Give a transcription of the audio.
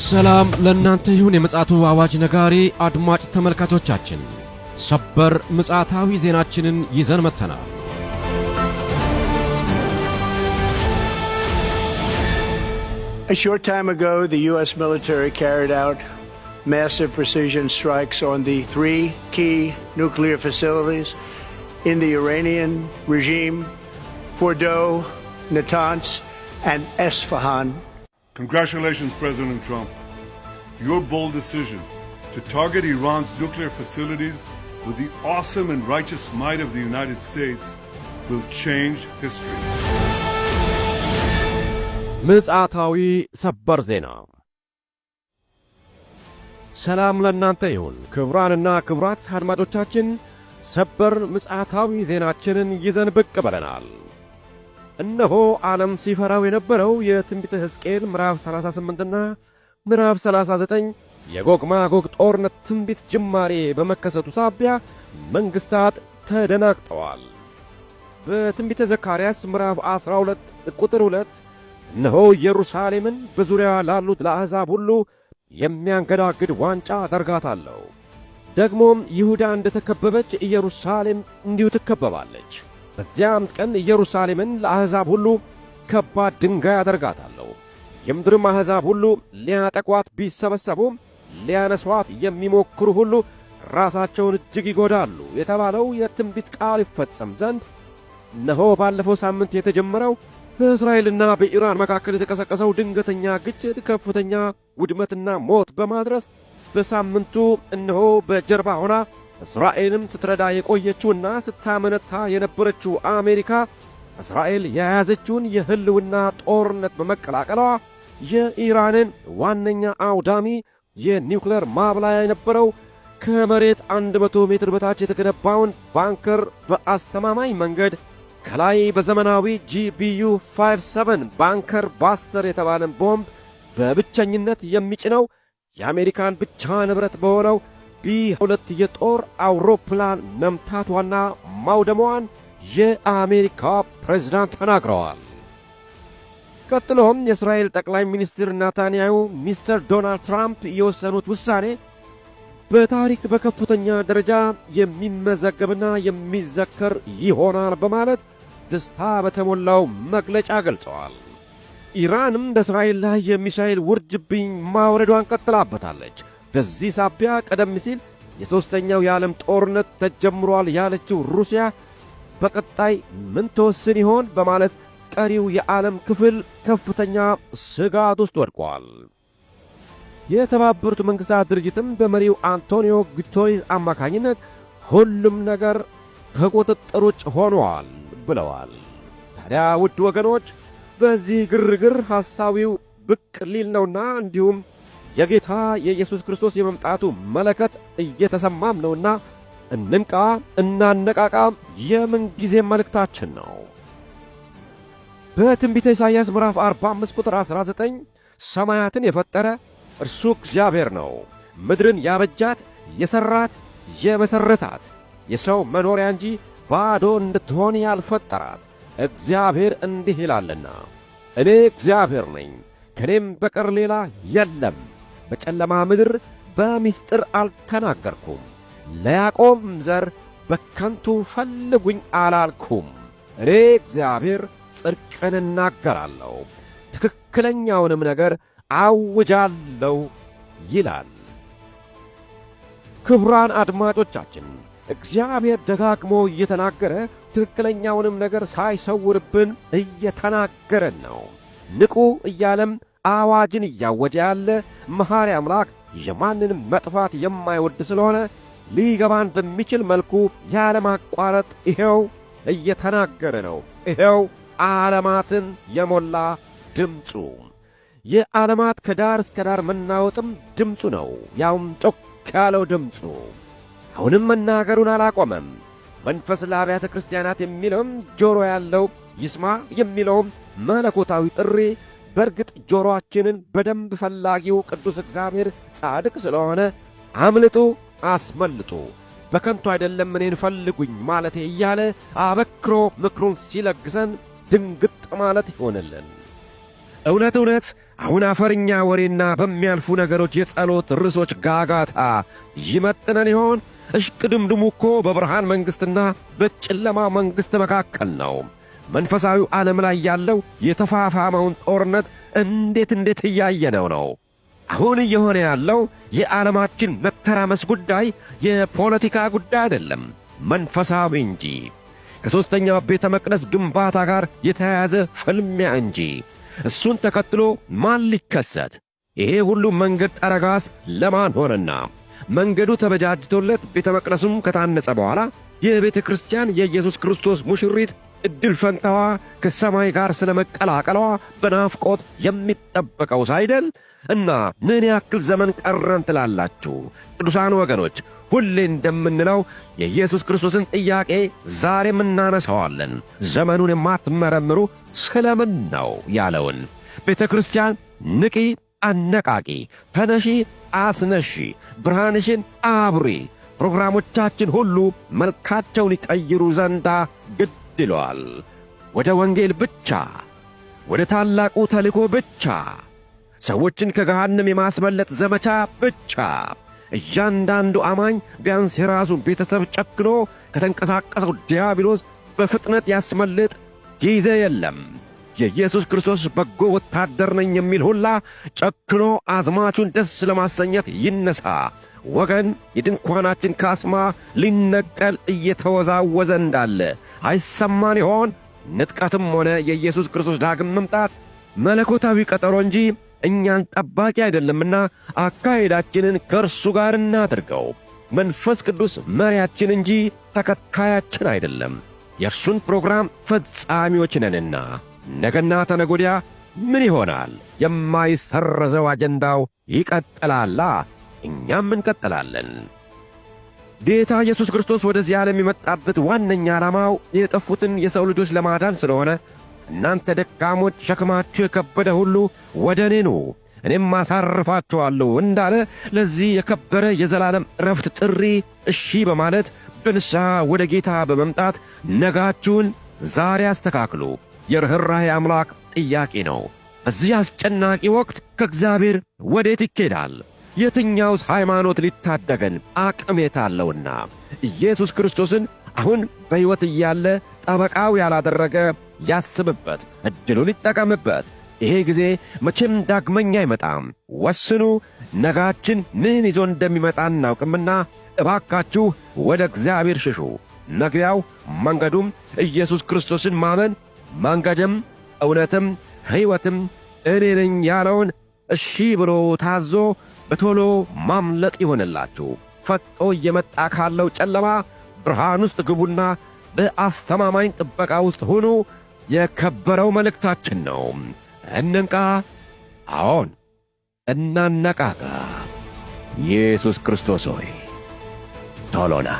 ሰላም ለእናንተ ይሁን። አዋጅ ነጋሪ አድማጭ ተመልካቾቻችን ሰበር ዜናችንን ይዘን መጥተናል። A short time ago, the U.S. military carried out massive precision strikes on the three key nuclear facilities in the Iranian regime Fordow, Natanz, and Esfahan Congratulations, President Trump. Your bold decision to target Iran's nuclear facilities with the awesome and righteous might of the United States will change history. ምጽአታዊ ሰበር ዜና ሰላም ለእናንተ ይሁን። ክቡራንና ክቡራት አድማጮቻችን ሰበር ምጽአታዊ ዜናችንን ይዘን ብቅ ብለናል። እነሆ ዓለም ሲፈራው የነበረው የትንቢተ ሕዝቅኤል ምዕራፍ 38ና ምዕራፍ 39 የጎግ ማጎግ ጦርነት ትንቢት ጅማሬ በመከሰቱ ሳቢያ መንግሥታት ተደናግጠዋል። በትንቢተ ዘካርያስ ምዕራፍ 12 ቁጥር 2 እነሆ ኢየሩሳሌምን በዙሪያዋ ላሉት ለአሕዛብ ሁሉ የሚያንገዳግድ ዋንጫ አደርጋታለሁ። ደግሞም ይሁዳ እንደ ተከበበች ኢየሩሳሌም እንዲሁ ትከበባለች። በዚያም ቀን ኢየሩሳሌምን ለአሕዛብ ሁሉ ከባድ ድንጋይ አደርጋታለሁ። የምድርም አሕዛብ ሁሉ ሊያጠቋት ቢሰበሰቡ ሊያነሷት የሚሞክሩ ሁሉ ራሳቸውን እጅግ ይጎዳሉ የተባለው የትንቢት ቃል ይፈጸም ዘንድ እነሆ ባለፈው ሳምንት የተጀመረው በእስራኤልና በኢራን መካከል የተቀሰቀሰው ድንገተኛ ግጭት ከፍተኛ ውድመትና ሞት በማድረስ በሳምንቱ እነሆ በጀርባ ሆና እስራኤልም ስትረዳ የቆየችውና ስታመነታ የነበረችው አሜሪካ እስራኤል የያዘችውን የሕልውና ጦርነት በመቀላቀሏ የኢራንን ዋነኛ አውዳሚ የኒውክሌር ማብላያ የነበረው ከመሬት 100 ሜትር በታች የተገነባውን ባንከር በአስተማማኝ መንገድ ከላይ በዘመናዊ ጂቢዩ 57 ባንከር ባስተር የተባለን ቦምብ በብቸኝነት የሚጭነው የአሜሪካን ብቻ ንብረት በሆነው ቢ2 የጦር አውሮፕላን መምታቷና ማውደሟን የአሜሪካ ፕሬዝዳንት ተናግረዋል። ቀጥሎም የእስራኤል ጠቅላይ ሚኒስትር ናታንያሁ ሚስተር ዶናልድ ትራምፕ የወሰኑት ውሳኔ በታሪክ በከፍተኛ ደረጃ የሚመዘገብና የሚዘከር ይሆናል በማለት ደስታ በተሞላው መግለጫ ገልጸዋል። ኢራንም በእስራኤል ላይ የሚሳኤል ውርጅብኝ ማውረዷን ቀጥላበታለች። በዚህ ሳቢያ ቀደም ሲል የሦስተኛው የዓለም ጦርነት ተጀምሯል ያለችው ሩሲያ በቀጣይ ምን ተወስን ይሆን በማለት ቀሪው የዓለም ክፍል ከፍተኛ ስጋት ውስጥ ወድቋል። የተባበሩት መንግሥታት ድርጅትም በመሪው አንቶኒዮ ጉቴሬስ አማካኝነት ሁሉም ነገር ከቁጥጥር ውጭ ሆኗል ብለዋል። ታዲያ ውድ ወገኖች በዚህ ግርግር ሐሳዊው ብቅ ሊል ነውና እንዲሁም የጌታ የኢየሱስ ክርስቶስ የመምጣቱ መለከት እየተሰማም ነውና እንንቃ፣ እናነቃቃ የምንጊዜ መልእክታችን ነው። በትንቢተ ኢሳይያስ ምዕራፍ 45 ቁጥር 19 ሰማያትን የፈጠረ እርሱ እግዚአብሔር ነው፣ ምድርን ያበጃት የሠራት የመሠረታት የሰው መኖሪያ እንጂ ባዶ እንድትሆን ያልፈጠራት እግዚአብሔር እንዲህ ይላልና እኔ እግዚአብሔር ነኝ፣ ከእኔም በቀር ሌላ የለም በጨለማ ምድር በምስጢር አልተናገርኩም፣ ለያዕቆብ ዘር በከንቱ ፈልጉኝ አላልኩም። እኔ እግዚአብሔር ጽድቅን እናገራለሁ፣ ትክክለኛውንም ነገር አውጃለሁ ይላል። ክቡራን አድማጮቻችን እግዚአብሔር ደጋግሞ እየተናገረ ትክክለኛውንም ነገር ሳይሰውርብን እየተናገረን ነው። ንቁ እያለም አዋጅን እያወጀ ያለ መሐሪ አምላክ የማንንም መጥፋት የማይወድ ስለሆነ ሊገባን በሚችል መልኩ ያለማቋረጥ ይኸው እየተናገረ ነው። ይኸው ዓለማትን የሞላ ድምፁ የዓለማት ከዳር እስከ ዳር መናወጥም ድምፁ ነው። ያውም ጮክ ያለው ድምፁ አሁንም መናገሩን አላቆመም። መንፈስ ለአብያተ ክርስቲያናት የሚለውም ጆሮ ያለው ይስማ የሚለውም መለኮታዊ ጥሪ በእርግጥ ጆሮአችንን በደንብ ፈላጊው ቅዱስ እግዚአብሔር ጻድቅ ስለሆነ አምልጡ፣ አስመልጡ፣ በከንቱ አይደለም እኔን ፈልጉኝ ማለቴ እያለ አበክሮ ምክሩን ሲለግሰን ድንግጥ ማለት ይሆንልን። እውነት እውነት አሁን አፈርኛ ወሬና በሚያልፉ ነገሮች የጸሎት ርዕሶች ጋጋታ ይመጥነን ይሆን? እሽቅድምድሙ እኮ በብርሃን መንግሥትና በጨለማ መንግሥት መካከል ነው። መንፈሳዊ ዓለም ላይ ያለው የተፋፋመውን ጦርነት እንዴት እንዴት እያየነው ነው። አሁን እየሆነ ያለው የዓለማችን መተራመስ ጉዳይ የፖለቲካ ጉዳይ አይደለም፣ መንፈሳዊ እንጂ ከሦስተኛው ቤተ መቅደስ ግንባታ ጋር የተያያዘ ፍልሚያ እንጂ። እሱን ተከትሎ ማን ሊከሰት? ይሄ ሁሉ መንገድ ጠረጋስ ለማን ሆነና? መንገዱ ተበጃጅቶለት ቤተ መቅደሱም ከታነጸ በኋላ የቤተ ክርስቲያን የኢየሱስ ክርስቶስ ሙሽሪት እድል ፈንታዋ ከሰማይ ጋር ስለ መቀላቀሏ በናፍቆት የሚጠበቀው ሳይደል እና ምን ያክል ዘመን ቀረን ትላላችሁ? ቅዱሳን ወገኖች ሁሌ እንደምንለው የኢየሱስ ክርስቶስን ጥያቄ ዛሬም እናነሳዋለን። ዘመኑን የማትመረምሩ ስለምን ነው ያለውን ቤተ ክርስቲያን ንቂ፣ አነቃቂ፣ ተነሺ፣ አስነሺ፣ ብርሃንሽን አብሪ ፕሮግራሞቻችን ሁሉ መልካቸውን ይቀይሩ ዘንዳ ግድ ይለዋል። ወደ ወንጌል ብቻ፣ ወደ ታላቁ ተልእኮ ብቻ፣ ሰዎችን ከገሃንም የማስመለጥ ዘመቻ ብቻ እያንዳንዱ አማኝ ቢያንስ የራሱን ቤተሰብ ጨክኖ ከተንቀሳቀሰው ዲያብሎስ በፍጥነት ያስመልጥ ጊዜ የለም። የኢየሱስ ክርስቶስ በጎ ወታደር ነኝ የሚል ሁላ ጨክኖ አዝማቹን ደስ ለማሰኘት ይነሣ። ወገን የድንኳናችን ካስማ ሊነቀል እየተወዛወዘ እንዳለ አይሰማን ይሆን? ንጥቀትም ሆነ የኢየሱስ ክርስቶስ ዳግም መምጣት መለኮታዊ ቀጠሮ እንጂ እኛን ጠባቂ አይደለምና አካሄዳችንን ከእርሱ ጋር እናድርገው። መንፈስ ቅዱስ መሪያችን እንጂ ተከታያችን አይደለም። የእርሱን ፕሮግራም ፈጻሚዎች ነንና ነገና ተነጎዲያ ምን ይሆናል? የማይሰረዘው አጀንዳው ይቀጥላላ። እኛም እንቀጥላለን። ጌታ ኢየሱስ ክርስቶስ ወደዚህ ዓለም የመጣበት ዋነኛ ዓላማው የጠፉትን የሰው ልጆች ለማዳን ስለሆነ እናንተ ደካሞች፣ ሸክማችሁ የከበደ ሁሉ ወደ እኔ ኑ እኔም አሳርፋችኋለሁ እንዳለ ለዚህ የከበረ የዘላለም ረፍት ጥሪ እሺ በማለት በንስሐ ወደ ጌታ በመምጣት ነጋችሁን ዛሬ አስተካክሉ። የርኅራኄ አምላክ ጥያቄ ነው። በዚህ አስጨናቂ ወቅት ከእግዚአብሔር ወዴት ይኬዳል? የትኛውስ ሃይማኖት ሊታደገን አቅሜታ አለውና ኢየሱስ ክርስቶስን አሁን በሕይወት እያለ ጠበቃው ያላደረገ ያስብበት፣ ዕድሉን ይጠቀምበት። ይሄ ጊዜ መቼም ዳግመኛ አይመጣም። ወስኑ። ነጋችን ምን ይዞ እንደሚመጣ እናውቅምና እባካችሁ ወደ እግዚአብሔር ሽሹ። መግቢያው መንገዱም ኢየሱስ ክርስቶስን ማመን መንገድም እውነትም ሕይወትም እኔ ነኝ ያለውን እሺ ብሎ ታዞ በቶሎ ማምለጥ ይሆንላችሁ። ፈጦ እየመጣ ካለው ጨለማ ብርሃን ውስጥ ግቡና በአስተማማኝ ጥበቃ ውስጥ ሁኑ የከበረው መልእክታችን ነው። እንንቃ። አዎን እናነቃቃ። ኢየሱስ ክርስቶስ ሆይ ቶሎና